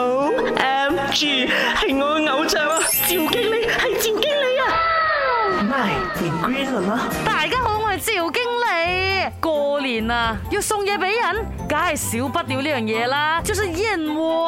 O M G，係我嘅偶像啊！趙經理係趙經理啊！My g r e e 啦！大家好，我係趙經理。過年啊，要送嘢俾人，梗係少不了呢樣嘢啦，就算燕窩。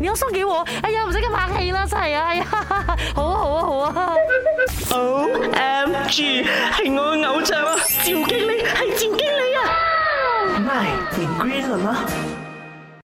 你要送畀我？哎呀，唔使咁客氣啦，真係啊！哎呀，好啊，好啊，好啊！O M G，係我嘅偶像啊！趙經理係趙經理啊！咪變 g r e e 啦！